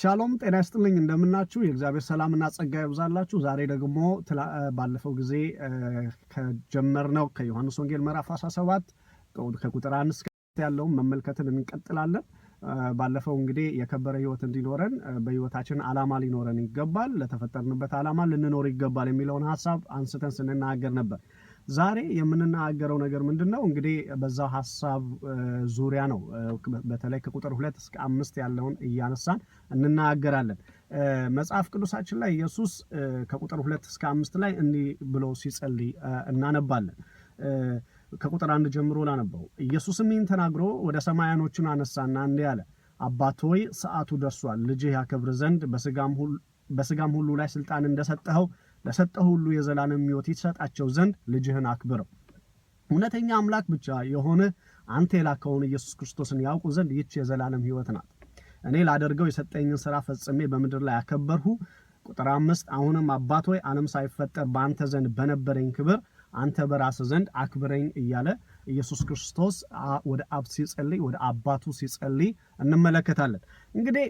ሻሎም ጤና ይስጥልኝ፣ እንደምናችሁ። የእግዚአብሔር ሰላምና ጸጋ ይብዛላችሁ። ዛሬ ደግሞ ባለፈው ጊዜ ከጀመርነው ከዮሐንስ ወንጌል ምዕራፍ 17 ከቁጥር አንስ ያለውን መመልከትን እንቀጥላለን። ባለፈው እንግዲህ የከበረ ህይወት እንዲኖረን በህይወታችን አላማ ሊኖረን ይገባል፣ ለተፈጠርንበት አላማ ልንኖር ይገባል የሚለውን ሀሳብ አንስተን ስንናገር ነበር። ዛሬ የምንናገረው ነገር ምንድን ነው? እንግዲህ በዛ ሀሳብ ዙሪያ ነው። በተለይ ከቁጥር ሁለት እስከ አምስት ያለውን እያነሳን እንናገራለን። መጽሐፍ ቅዱሳችን ላይ ኢየሱስ ከቁጥር ሁለት እስከ አምስት ላይ እንዲህ ብሎ ሲጸልይ እናነባለን። ከቁጥር አንድ ጀምሮ ላነበው። ኢየሱስም ይህን ተናግሮ ወደ ሰማያኖቹን አነሳና እንዲህ አለ፣ አባት ሆይ ሰዓቱ ደርሷል፣ ልጅህ ያከብር ዘንድ በስጋም ሁሉ ላይ ስልጣን እንደሰጠኸው ለሰጠው ሁሉ የዘላለም ሕይወት ይሰጣቸው ዘንድ ልጅህን አክብረው። እውነተኛ አምላክ ብቻ የሆነ አንተ የላከውን ኢየሱስ ክርስቶስን ያውቁ ዘንድ ይች የዘላለም ሕይወት ናት። እኔ ላደርገው የሰጠኝን ሥራ ፈጽሜ በምድር ላይ አከበርሁ ቁጥር አምስት አሁንም አባት ሆይ ዓለም ሳይፈጠር በአንተ ዘንድ በነበረኝ ክብር አንተ በራስህ ዘንድ አክብረኝ እያለ ኢየሱስ ክርስቶስ ወደ አብ ሲጸልይ፣ ወደ አባቱ ሲጸልይ እንመለከታለን እንግዲህ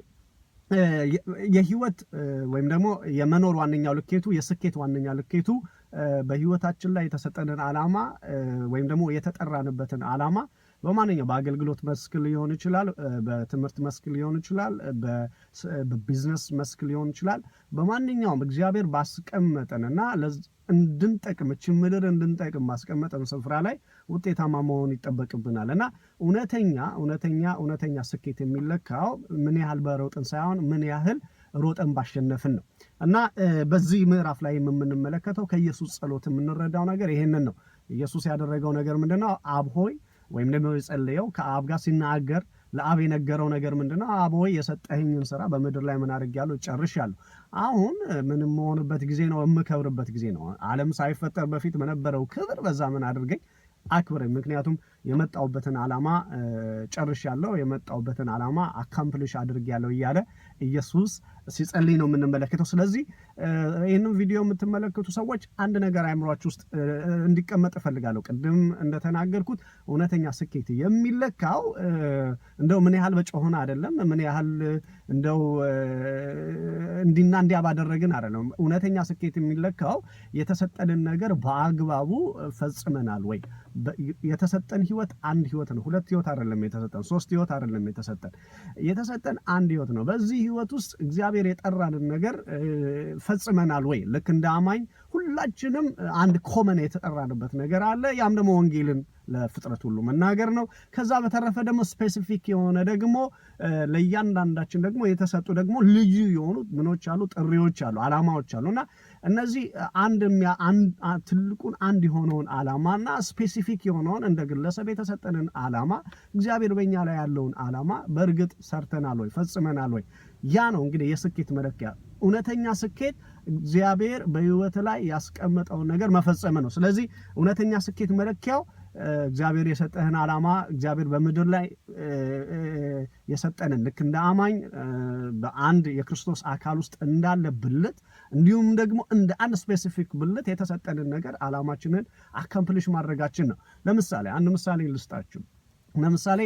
የህይወት ወይም ደግሞ የመኖር ዋነኛው ልኬቱ የስኬት ዋነኛ ልኬቱ በህይወታችን ላይ የተሰጠንን አላማ ወይም ደግሞ የተጠራንበትን አላማ። በማንኛው በአገልግሎት መስክ ሊሆን ይችላል፣ በትምህርት መስክ ሊሆን ይችላል፣ በቢዝነስ መስክ ሊሆን ይችላል። በማንኛውም እግዚአብሔር ባስቀመጠንና እንድንጠቅም እች ምድር እንድንጠቅም ማስቀመጠን ስፍራ ላይ ውጤታማ መሆን ይጠበቅብናል እና እውነተኛ እውነተኛ እውነተኛ ስኬት የሚለካው ምን ያህል በሮጥን ሳይሆን ምን ያህል ሮጠን ባሸነፍን ነው እና በዚህ ምዕራፍ ላይ የምንመለከተው ከኢየሱስ ጸሎት የምንረዳው ነገር ይህንን ነው። ኢየሱስ ያደረገው ነገር ምንድነው አብሆይ አብ ሆይ ወይም ደግሞ የጸለየው ከአብ ጋር ሲናገር ለአብ የነገረው ነገር ምንድነው ነው? አብ ወይ የሰጠኸኝን ስራ በምድር ላይ ምን አድርጌያለሁ? ጨርሻለሁ። አሁን ምን መሆንበት ጊዜ ነው? የምከብርበት ጊዜ ነው። ዓለም ሳይፈጠር በፊት በነበረው ክብር በዛ ምን አድርገኝ አክብረኝ። ምክንያቱም የመጣውበትን ዓላማ ያለው የመጣውበትን ዓላማ አድርግ ያለው እያለ ኢየሱስ ሲጸልይ ነው የምንመለከተው። ስለዚህ ይህንም ቪዲዮ የምትመለከቱ ሰዎች አንድ ነገር አይምሯች ውስጥ እንዲቀመጥ እፈልጋለሁ። ቅድም እንደተናገርኩት እውነተኛ ስኬት የሚለካው እንደው ምን ያህል በጮሆነ አይደለም፣ ምን ያህል እንደው እንዲና እንዲያ ባደረግን አይደለም። እውነተኛ ስኬት የሚለካው የተሰጠንን ነገር በአግባቡ ፈጽመናል ወይ የተሰጠን ህይወት አንድ ህይወት ነው። ሁለት ህይወት አይደለም የተሰጠን፣ ሶስት ህይወት አይደለም የተሰጠን። የተሰጠን አንድ ህይወት ነው። በዚህ ህይወት ውስጥ እግዚአብሔር የጠራንን ነገር ፈጽመናል ወይ? ልክ እንደ አማኝ ሁላችንም አንድ ኮመን የተጠራንበት ነገር አለ። ያም ደግሞ ወንጌልን ለፍጥረት ሁሉ መናገር ነው። ከዛ በተረፈ ደግሞ ስፔሲፊክ የሆነ ደግሞ ለእያንዳንዳችን ደግሞ የተሰጡ ደግሞ ልዩ የሆኑ ምኖች አሉ፣ ጥሪዎች አሉ፣ አላማዎች አሉ እና እነዚህ አንድ ትልቁን አንድ የሆነውን ዓላማና ስፔሲፊክ የሆነውን እንደ ግለሰብ የተሰጠንን ዓላማ እግዚአብሔር በኛ ላይ ያለውን ዓላማ በእርግጥ ሰርተናል ወይ ፈጽመናል ወይ? ያ ነው እንግዲህ የስኬት መለኪያ። እውነተኛ ስኬት እግዚአብሔር በህይወት ላይ ያስቀመጠውን ነገር መፈጸም ነው። ስለዚህ እውነተኛ ስኬት መለኪያው እግዚአብሔር የሰጠህን ዓላማ እግዚአብሔር በምድር ላይ የሰጠንን ልክ እንደ አማኝ በአንድ የክርስቶስ አካል ውስጥ እንዳለ ብልጥ እንዲሁም ደግሞ እንደ አንድ ስፔሲፊክ ብልት የተሰጠንን ነገር አላማችንን አካምፕሊሽ ማድረጋችን ነው። ለምሳሌ አንድ ምሳሌ ልስጣችሁ። ለምሳሌ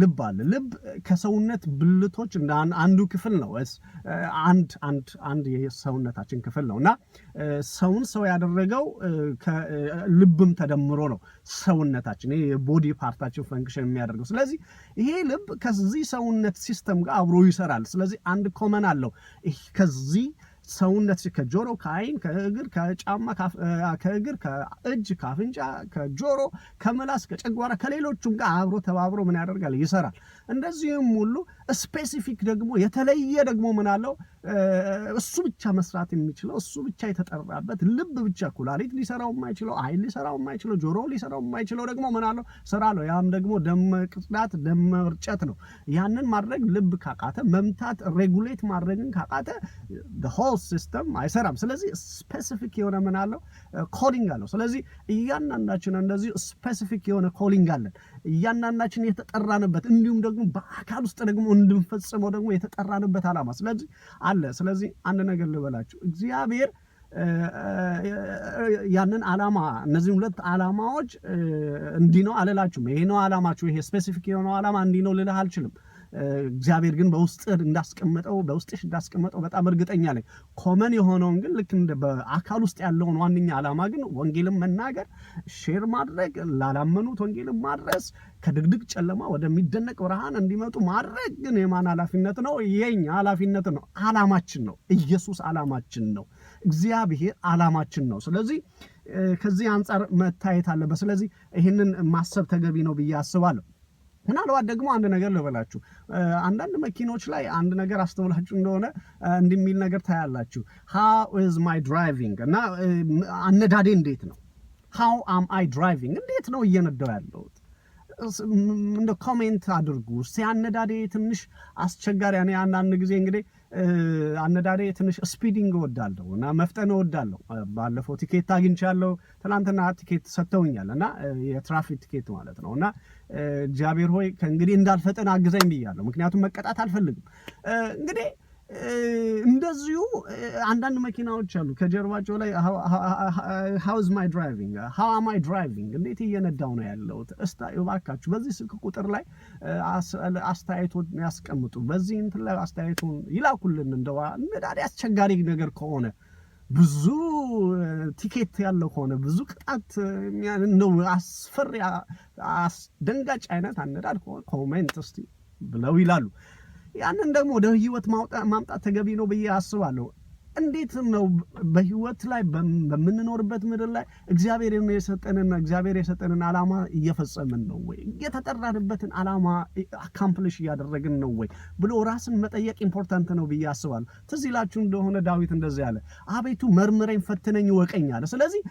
ልብ አለ። ልብ ከሰውነት ብልቶች እንደ አንዱ ክፍል ነው። አንድ አንድ አንድ የሰውነታችን ክፍል ነው እና ሰውን ሰው ያደረገው ልብም ተደምሮ ነው ሰውነታችን የቦዲ ፓርታችን ፈንክሽን የሚያደርገው። ስለዚህ ይሄ ልብ ከዚህ ሰውነት ሲስተም ጋር አብሮ ይሰራል። ስለዚህ አንድ ኮመን አለው ከዚህ ሰውነትሽ ከጆሮ ከአይን ከእግር ከጫማ ከእግር ከእጅ ከአፍንጫ ከጆሮ ከምላስ ከጨጓራ ከሌሎቹም ጋር አብሮ ተባብሮ ምን ያደርጋል ይሰራል። እንደዚህም ሁሉ ስፔሲፊክ ደግሞ የተለየ ደግሞ ምን አለው እሱ ብቻ መስራት የሚችለው እሱ ብቻ የተጠራበት ልብ ብቻ ኩላሊት ሊሰራው የማይችለው አይን ሊሰራው የማይችለው ጆሮ ሊሰራው የማይችለው ደግሞ ምን አለው ስራ አለው። ያም ደግሞ ደም ቅጽዳት ደም መርጨት ነው። ያንን ማድረግ ልብ ካቃተ መምታት ሬጉሌት ማድረግን ካቃተ ሶስ ሲስተም አይሰራም። ስለዚህ ስፔሲፊክ የሆነ ምን አለው ኮሊንግ አለው። ስለዚህ እያንዳንዳችን እንደዚሁ ስፔሲፊክ የሆነ ኮሊንግ አለን። እያንዳንዳችን የተጠራንበት እንዲሁም ደግሞ በአካል ውስጥ ደግሞ እንድንፈጽመው ደግሞ የተጠራንበት አላማ ስለዚህ አለ። ስለዚህ አንድ ነገር ልበላችሁ እግዚአብሔር ያንን አላማ እነዚህ ሁለት አላማዎች እንዲህ ነው አልላችሁም። ይሄ ነው አላማችሁ፣ ይሄ ስፔሲፊክ የሆነው አላማ እንዲህ ነው ልልህ አልችልም። እግዚአብሔር ግን በውስጥ እንዳስቀመጠው በውስጥሽ እንዳስቀመጠው በጣም እርግጠኛ ነኝ። ኮመን የሆነውን ግን ልክ በአካል ውስጥ ያለውን ዋነኛ ዓላማ ግን ወንጌልን መናገር፣ ሼር ማድረግ፣ ላላመኑት ወንጌልን ማድረስ፣ ከድቅድቅ ጨለማ ወደሚደነቅ ብርሃን እንዲመጡ ማድረግ ግን የማን ኃላፊነት ነው? የኛ ኃላፊነት ነው። ዓላማችን ነው። ኢየሱስ ዓላማችን ነው። እግዚአብሔር ዓላማችን ነው። ስለዚህ ከዚህ አንጻር መታየት አለበት። ስለዚህ ይህንን ማሰብ ተገቢ ነው ብዬ አስባለሁ። ምናልባት ደግሞ አንድ ነገር ልበላችሁ፣ አንዳንድ መኪኖች ላይ አንድ ነገር አስተውላችሁ እንደሆነ እንዲህ ነገር ታያላችሁ። ሃው ኢዝ ማይ ድራይቪንግ እና አነዳዴ እንዴት ነው? ሃው አም አይ ድራይቪንግ እንዴት ነው እየነዳው ያለሁት? እንደ ኮሜንት አድርጉ እስቲ። አነዳዴ ትንሽ አስቸጋሪ። ያኔ አንዳንድ ጊዜ እንግዲህ አነዳዴ ትንሽ ስፒዲንግ እወዳለሁ እና መፍጠን እወዳለሁ። ባለፈው ቲኬት አግኝቻለሁ። ትናንትና ቲኬት ሰጥተውኛል እና የትራፊክ ቲኬት ማለት ነው እና እግዚአብሔር ሆይ ከእንግዲህ እንዳልፈጠን አግዘኝ ብያለሁ። ምክንያቱም መቀጣት አልፈልግም። እንግዲህ እንደዚሁ አንዳንድ መኪናዎች አሉ ከጀርባቸው ላይ ሃውዝ ማይ ድራይቪንግ ሃዋ ማይ ድራይቪንግ እንዴት እየነዳው ነው ያለሁት? እስታ እባካችሁ በዚህ ስልክ ቁጥር ላይ አስተያየቶን ያስቀምጡ። በዚህ እንትን ላይ አስተያየቱን ይላኩልን። እንደዋ ነዳዴ አስቸጋሪ ነገር ከሆነ ብዙ ቲኬት ያለው ከሆነ ብዙ ቅጣት ነው። አስፈሪ አስደንጋጭ አይነት አነዳድ ከሆነ ኮሜንት እስቲ ብለው ይላሉ። ያንን ደግሞ ወደ ህይወት ማምጣት ተገቢ ነው ብዬ አስባለሁ። እንዴት ነው በህይወት ላይ በምንኖርበት ምድር ላይ እግዚአብሔር የሰጠንና እግዚአብሔር የሰጠንን ዓላማ እየፈጸምን ነው ወይ? የተጠራንበትን ዓላማ አካምፕሊሽ እያደረግን ነው ወይ ብሎ ራስን መጠየቅ ኢምፖርታንት ነው ብዬ አስባለሁ። ትዝ ይላችሁ እንደሆነ ዳዊት እንደዚህ ያለ አቤቱ መርምረኝ፣ ፈትነኝ፣ ወቀኝ አለ። ስለዚህ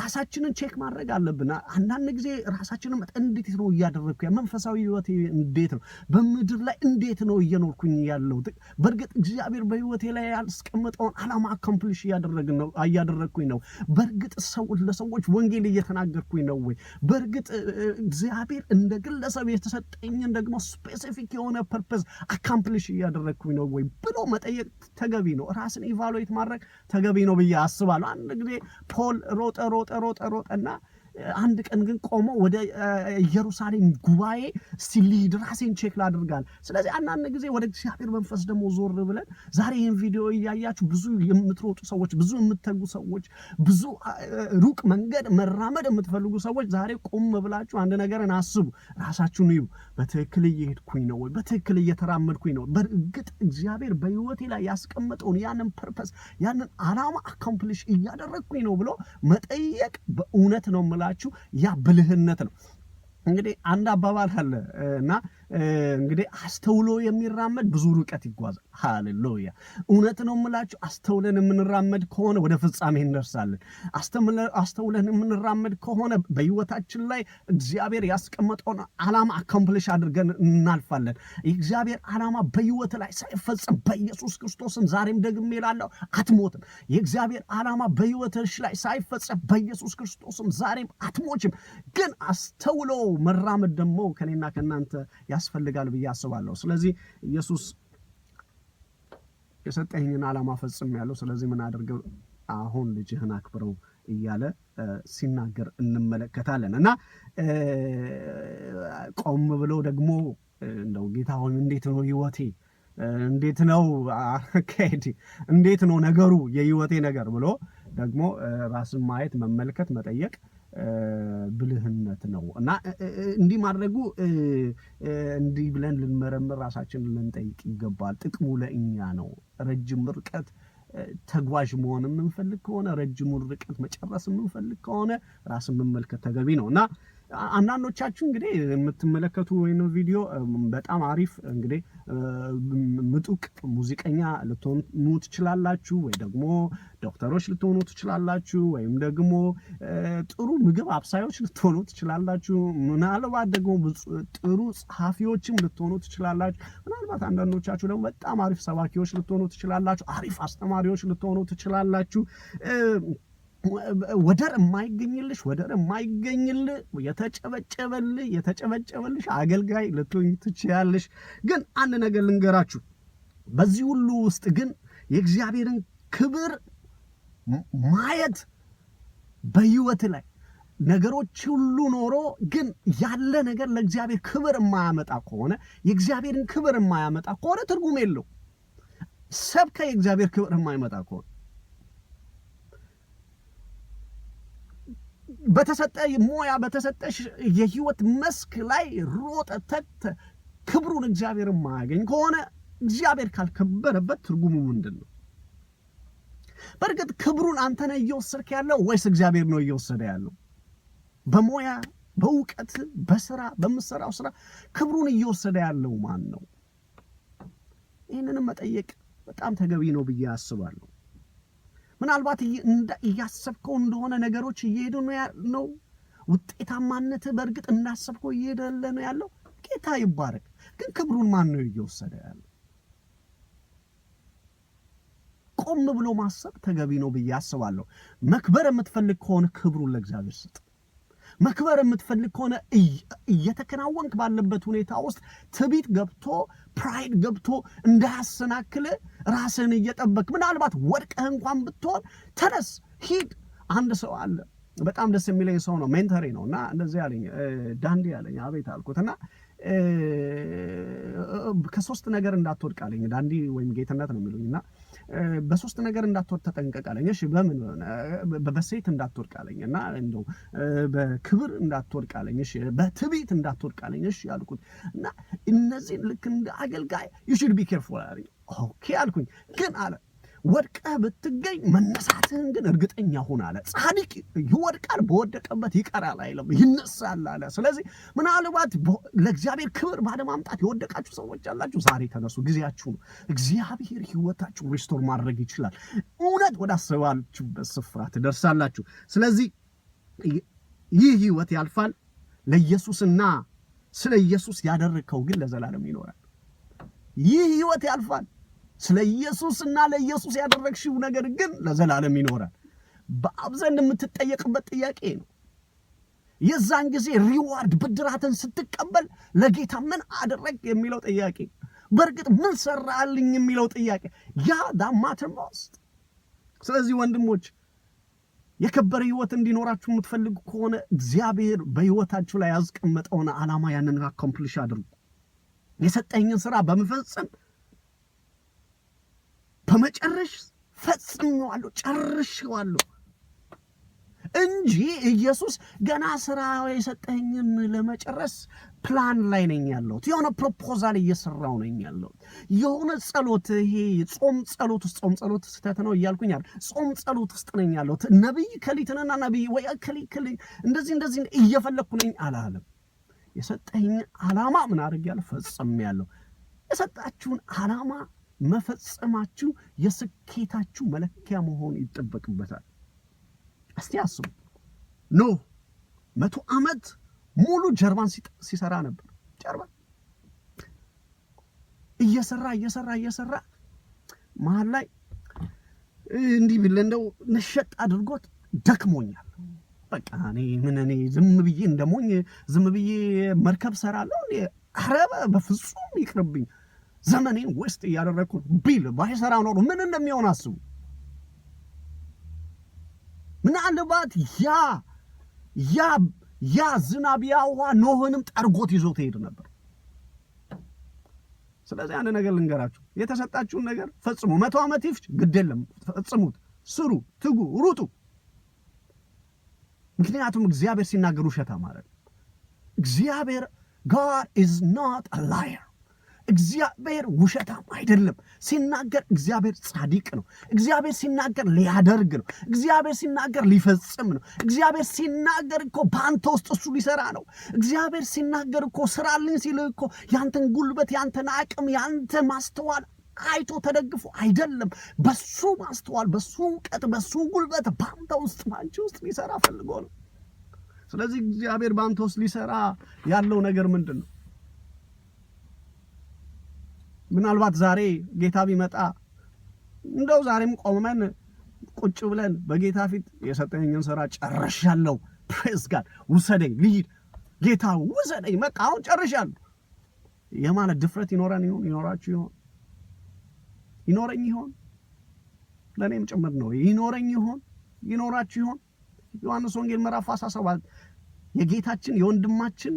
ራሳችንን ቼክ ማድረግ አለብን። አንዳንድ ጊዜ ራሳችንን እንዴት ነው እያደረግኩ? መንፈሳዊ ህይወቴ እንዴት ነው? በምድር ላይ እንዴት ነው እየኖርኩኝ ያለው? በእርግጥ እግዚአብሔር በህይወቴ ላይ ያስቀመጠውን ዓላማ አካምፕሊሽ እያደረግኩኝ ነው? በእርግጥ ሰው ለሰዎች ወንጌል እየተናገርኩኝ ነው ወይ? በእርግጥ እግዚአብሔር እንደ ግለሰብ የተሰጠኝን ደግሞ ስፔሲፊክ የሆነ ፐርፐዝ አካምፕሊሽ እያደረግኩኝ ነው ወይ ብሎ መጠየቅ ተገቢ ነው። ራስን ኢቫሉዌት ማድረግ ተገቢ ነው ብዬ አስባለሁ። አንድ ጊዜ ፖል ሮጠ ሮጠ ሮጠ ሮጠና አንድ ቀን ግን ቆሞ ወደ ኢየሩሳሌም ጉባኤ ሲሊድ ራሴን ቼክ ላድርጋል። ስለዚህ አንዳንድ ጊዜ ወደ እግዚአብሔር መንፈስ ደግሞ ዞር ብለን ዛሬ ይህን ቪዲዮ እያያችሁ ብዙ የምትሮጡ ሰዎች፣ ብዙ የምትተጉ ሰዎች፣ ብዙ ሩቅ መንገድ መራመድ የምትፈልጉ ሰዎች ዛሬ ቆም ብላችሁ አንድ ነገርን አስቡ። ራሳችሁን እዩ። በትክክል እየሄድኩኝ ነው ወይ? በትክክል እየተራመድኩኝ ነው? በእርግጥ እግዚአብሔር በህይወቴ ላይ ያስቀመጠውን ያንን ፐርፐስ ያንን አላማ አካምፕሊሽ እያደረግኩኝ ነው ብሎ መጠየቅ በእውነት ነው ስላችሁ ያ ብልህነት ነው። እንግዲህ አንድ አባባል አለ እና እንግዲህ አስተውሎ የሚራመድ ብዙ ርቀት ይጓዛል። ሃሌሉያ! እውነት ነው የምላችሁ፣ አስተውለን የምንራመድ ከሆነ ወደ ፍጻሜ እንደርሳለን። አስተውለን የምንራመድ ከሆነ በህይወታችን ላይ እግዚአብሔር ያስቀመጠውን ዓላማ አካምፕሊሽ አድርገን እናልፋለን። የእግዚአብሔር ዓላማ በህይወት ላይ ሳይፈጸም በኢየሱስ ክርስቶስም ዛሬም ደግሜ እላለሁ አትሞትም። የእግዚአብሔር ዓላማ በህይወትሽ ላይ ሳይፈጸም በኢየሱስ ክርስቶስም ዛሬም አትሞችም። ግን አስተውሎ መራመድ ደግሞ ከኔና ከእናንተ ያስፈልጋል ብዬ አስባለሁ። ስለዚህ ኢየሱስ የሰጠኝን ዓላማ ፈጽም ያለው ስለዚህ ምን አድርገው አሁን ልጅህን አክብረው እያለ ሲናገር እንመለከታለን እና ቆም ብለው ደግሞ እንደው ጌታ ሆይ እንዴት ነው ህይወቴ እንዴት ነው አካሄድ እንዴት ነው ነገሩ የህይወቴ ነገር ብሎ ደግሞ ራስን ማየት መመልከት መጠየቅ ብልህነት ነው እና እንዲህ ማድረጉ እንዲህ ብለን ልንመረምር ራሳችንን ልንጠይቅ ይገባል። ጥቅሙ ለእኛ ነው። ረጅም ርቀት ተጓዥ መሆን የምንፈልግ ከሆነ ረጅሙን ርቀት መጨረስ የምንፈልግ ከሆነ ራስን መመልከት ተገቢ ነው እና አንዳንዶቻችሁ እንግዲህ የምትመለከቱ ወይ ቪዲዮ በጣም አሪፍ እንግዲህ ምጡቅ ሙዚቀኛ ልትሆኑ ትችላላችሁ፣ ወይ ደግሞ ዶክተሮች ልትሆኑ ትችላላችሁ፣ ወይም ደግሞ ጥሩ ምግብ አብሳዮች ልትሆኑ ትችላላችሁ። ምናልባት ደግሞ ጥሩ ጸሐፊዎችም ልትሆኑ ትችላላችሁ። ምናልባት አንዳንዶቻችሁ ደግሞ በጣም አሪፍ ሰባኪዎች ልትሆኑ ትችላላችሁ፣ አሪፍ አስተማሪዎች ልትሆኑ ትችላላችሁ። ወደር የማይገኝልሽ ወደር የማይገኝል የተጨበጨበልህ የተጨበጨበልሽ አገልጋይ ልትሆኝ ትችያለሽ። ግን አንድ ነገር ልንገራችሁ፣ በዚህ ሁሉ ውስጥ ግን የእግዚአብሔርን ክብር ማየት በህይወት ላይ ነገሮች ሁሉ ኖሮ ግን ያለ ነገር ለእግዚአብሔር ክብር የማያመጣ ከሆነ የእግዚአብሔርን ክብር የማያመጣ ከሆነ ትርጉም የለው። ሰብከ የእግዚአብሔር ክብር የማይመጣ ከሆነ በተሰጠ ሙያ በተሰጠሽ የህይወት መስክ ላይ ሮጠ ተግተ ክብሩን እግዚአብሔር ማያገኝ ከሆነ እግዚአብሔር ካልከበረበት ትርጉሙ ምንድን ነው? በእርግጥ ክብሩን አንተ ነህ እየወሰድክ ያለው ወይስ እግዚአብሔር ነው እየወሰደ ያለው? በሙያ በእውቀት በስራ በምሰራው ስራ ክብሩን እየወሰደ ያለው ማን ነው? ይህንንም መጠየቅ በጣም ተገቢ ነው ብዬ አስባለሁ። ምናልባት እያሰብከው እንደሆነ ነገሮች እየሄዱ ነው። ውጤታማነት በእርግጥ እንዳሰብከው እየሄደለ ነው ያለው። ጌታ ይባረክ። ግን ክብሩን ማን ነው እየወሰደ ያለው? ቆም ብሎ ማሰብ ተገቢ ነው ብዬ አስባለሁ። መክበር የምትፈልግ ከሆነ ክብሩን ለእግዚአብሔር ስጥ። መክበር የምትፈልግ ከሆነ እየተከናወንክ ባለበት ሁኔታ ውስጥ ትቢት ገብቶ ፕራይድ ገብቶ እንዳያሰናክልህ ራስህን እየጠበቅ ምናልባት ወድቀህ እንኳን ብትሆን ተነስ ሂድ። አንድ ሰው አለ በጣም ደስ የሚለኝ ሰው ነው፣ ሜንተሪ ነው እና እንደዚህ አለኝ፣ ዳንዲ አለኝ። አቤት አልኩት እና ከሶስት ነገር እንዳትወድቅ አለኝ። ዳንዲ ወይም ጌትነት ነው የሚሉኝ እና በሶስት ነገር እንዳትወድቅ ተጠንቀቅ አለኝ። እሺ በምን? በሴት እንዳትወድቅ አለኝ እና እንደው በክብር እንዳትወድቅ አለኝ። እሺ በትዕቢት እንዳትወድቅ አለኝ። እሺ ያልኩት እና እነዚህን ልክ እንደ አገልጋይ ዩ ሹድ ቢ ኬርፉል አለኝ። ኦኬ አልኩኝ። ግን አለ ወድቀህ ብትገኝ መነሳትህን ግን እርግጠኛ ሁን አለ። ጻድቅ ይወድቃል፣ በወደቀበት ይቀራል አይለም፣ ይነሳል አለ። ስለዚህ ምናልባት ለእግዚአብሔር ክብር ባለማምጣት የወደቃችሁ ሰዎች አላችሁ። ዛሬ ተነሱ፣ ጊዜያችሁ ነው። እግዚአብሔር ህይወታችሁ ሪስቶር ማድረግ ይችላል። እውነት ወደ ስፍራ ትደርሳላችሁ። ስለዚህ ይህ ህይወት ያልፋል። ለኢየሱስና ስለ ኢየሱስ ያደረግከው ግን ለዘላለም ይኖራል። ይህ ህይወት ያልፋል። ስለ ኢየሱስና ለኢየሱስ ያደረግሽው ነገር ግን ለዘላለም ይኖራል። በአብ ዘንድ የምትጠየቅበት ጥያቄ ነው። የዛን ጊዜ ሪዋርድ ብድራትን ስትቀበል ለጌታ ምን አደረግ የሚለው ጥያቄ፣ በእርግጥ ምን ሰራልኝ የሚለው ጥያቄ ያ ማተር ሞስት። ስለዚህ ወንድሞች የከበረ ህይወት እንዲኖራችሁ የምትፈልጉ ከሆነ እግዚአብሔር በህይወታችሁ ላይ ያስቀመጠውን ዓላማ ያንን አኮምፕሊሽ አድርጉ። የሰጠኝን ስራ በመፈጸም በመጨረሽ ፈጽሜዋለሁ፣ ጨርሼዋለሁ እንጂ ኢየሱስ ገና ስራ የሰጠኝን ለመጨረስ ፕላን ላይ ነኝ ያለሁት። የሆነ ፕሮፖዛል እየሰራው ነኝ ያለሁት። የሆነ ጸሎት፣ ይሄ ጾም ጸሎት ውስጥ ጾም ጸሎት ስህተት ነው እያልኩኝ አይደል፣ ጾም ጸሎት ውስጥ ነኝ ያለሁት። ነቢይ ከሊትንና ነቢይ ወይ ከሊ ከሊ እንደዚህ እንደዚህ እየፈለግኩ ነኝ አላለም። የሰጠኝ አላማ ምን አድርግ ያለ አድርጌያለሁ? ያለው የሰጣችሁን አላማ መፈጸማችሁ የስኬታችሁ መለኪያ መሆን ይጠበቅበታል። እስቲ አስቡ። ኖህ መቶ ዓመት ሙሉ ጀርባን ሲሰራ ነበር። ጀርባ እየሰራ እየሰራ እየሰራ መሀል ላይ እንዲህ ቢል እንደው ነሸጥ አድርጎት ደክሞኛል፣ በቃ እኔ ምን እኔ ዝም ብዬ እንደሞኝ ዝም ብዬ መርከብ ሰራለሁ? ኧረ በፍጹም ይቅርብኝ ዘመኔን ውስጥ እያደረግኩ ቢል ባይሰራ ኖሮ ምን እንደሚሆን አስቡ። ምናልባት ያ ያ ያ ዝናብ ያዋ ኖህንም ጠርጎት ይዞት ይሄድ ነበር። ስለዚህ አንድ ነገር ልንገራችሁ፣ የተሰጣችሁን ነገር ፈጽሙ። መቶ ዓመት ይፍች ግድ የለም፣ ፈጽሙት፣ ስሩ፣ ትጉ፣ ሩጡ። ምክንያቱም እግዚአብሔር ሲናገር ውሸት ማለት እግዚአብሔር ጋድ ኢዝ ኖት አ ላየር እግዚአብሔር ውሸታም አይደለም። ሲናገር እግዚአብሔር ጻድቅ ነው። እግዚአብሔር ሲናገር ሊያደርግ ነው። እግዚአብሔር ሲናገር ሊፈጽም ነው። እግዚአብሔር ሲናገር እኮ በአንተ ውስጥ እሱ ሊሰራ ነው። እግዚአብሔር ሲናገር እኮ ስራልኝ ሲል እኮ ያንተን ጉልበት፣ ያንተን አቅም፣ ያንተ ማስተዋል አይቶ ተደግፎ አይደለም። በሱ ማስተዋል፣ በሱ እውቀት፣ በሱ ጉልበት በአንተ ውስጥ ባንቺ ውስጥ ሊሰራ ፈልጎ ነው። ስለዚህ እግዚአብሔር በአንተ ውስጥ ሊሰራ ያለው ነገር ምንድን ነው? ምናልባት ዛሬ ጌታ ቢመጣ እንደው ዛሬም ቆመን ቁጭ ብለን በጌታ ፊት የሰጠኝን ስራ ጨርሻለሁ፣ ፕሬዝ ጋድ ውሰደኝ፣ ልሂድ ጌታ ውሰደኝ፣ በቃ አሁን ጨርሻለሁ የማለት ድፍረት ይኖረን ይሆን? ይኖራችሁ ይሆን? ይኖረኝ ይሆን? ለእኔም ጭምር ነው። ይኖረኝ ይሆን? ይኖራችሁ ይሆን? ዮሐንስ ወንጌል ምዕራፍ 17 የጌታችን የወንድማችን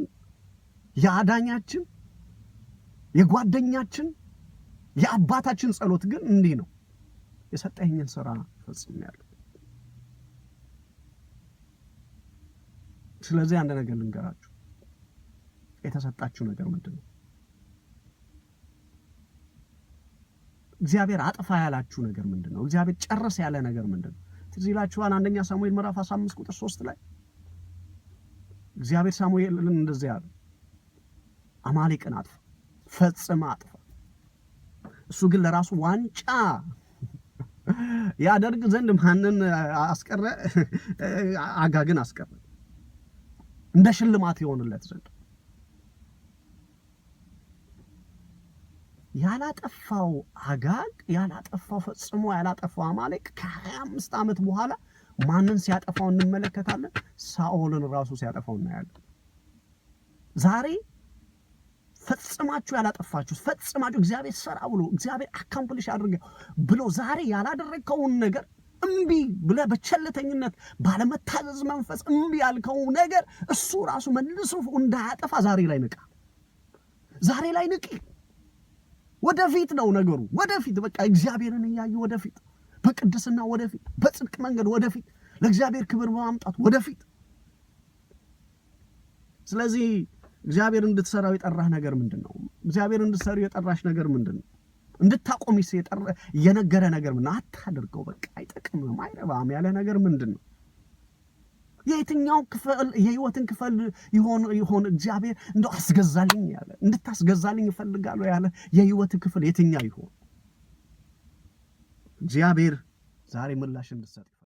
የአዳኛችን የጓደኛችን የአባታችን ጸሎት ግን እንዲህ ነው፣ የሰጠኝን ስራ ፈጽሜያለሁ። ስለዚህ አንድ ነገር ልንገራችሁ፣ የተሰጣችሁ ነገር ምንድን ነው? እግዚአብሔር አጥፋ ያላችሁ ነገር ምንድን ነው? እግዚአብሔር ጨርስ ያለ ነገር ምንድን ነው? ትዝ ይላችኋል። አንደኛ ሳሙኤል ምዕራፍ 15 ቁጥር 3 ላይ እግዚአብሔር ሳሙኤልን እንደዚህ አለ፣ አማሌቅን አጥፋ፣ ፈጽመ አጥፋ እሱ ግን ለራሱ ዋንጫ ያደርግ ዘንድ ማንን አስቀረ? አጋግን አስቀረ፣ እንደ ሽልማት የሆንለት ዘንድ ያላጠፋው አጋግ ያላጠፋው ፈጽሞ ያላጠፋው አማሌቅ ከሀያ አምስት ዓመት በኋላ ማንን ሲያጠፋው እንመለከታለን? ሳኦልን ራሱ ሲያጠፋው እናያለን። ዛሬ ፈጽማችሁ ያላጠፋችሁ ፈጽማችሁ እግዚአብሔር ሰራ ብሎ እግዚአብሔር አካምፕሊሽ አድርገ ብሎ ዛሬ ያላደረግከውን ነገር እምቢ ብለ በቸልተኝነት ባለመታዘዝ መንፈስ እምቢ ያልከው ነገር እሱ ራሱ መልሶ እንዳያጠፋ ዛሬ ላይ ንቃ፣ ዛሬ ላይ ንቂ። ወደፊት ነው ነገሩ፣ ወደፊት በቃ እግዚአብሔርን እያዩ ወደፊት፣ በቅድስና ወደፊት፣ በጽድቅ መንገድ ወደፊት፣ ለእግዚአብሔር ክብር በማምጣት ወደፊት። ስለዚህ እግዚአብሔር እንድትሰራው የጠራህ ነገር ምንድን ነው? እግዚአብሔር እንድትሰሩ የጠራሽ ነገር ምንድን ነው? እንድታቆሚ የነገረ ነገር ምንድን ነው? አታድርገው፣ በቃ አይጠቅምም፣ አይረባም ያለ ነገር ምንድን ነው? የየትኛው ክፍል የህይወትን ክፍል ይሆን እግዚአብሔር እንደው አስገዛልኝ ያለ እንድታስገዛልኝ እፈልጋለሁ ያለ የህይወት ክፍል የትኛው ይሆን? እግዚአብሔር ዛሬ ምላሽ እንድትሰጥ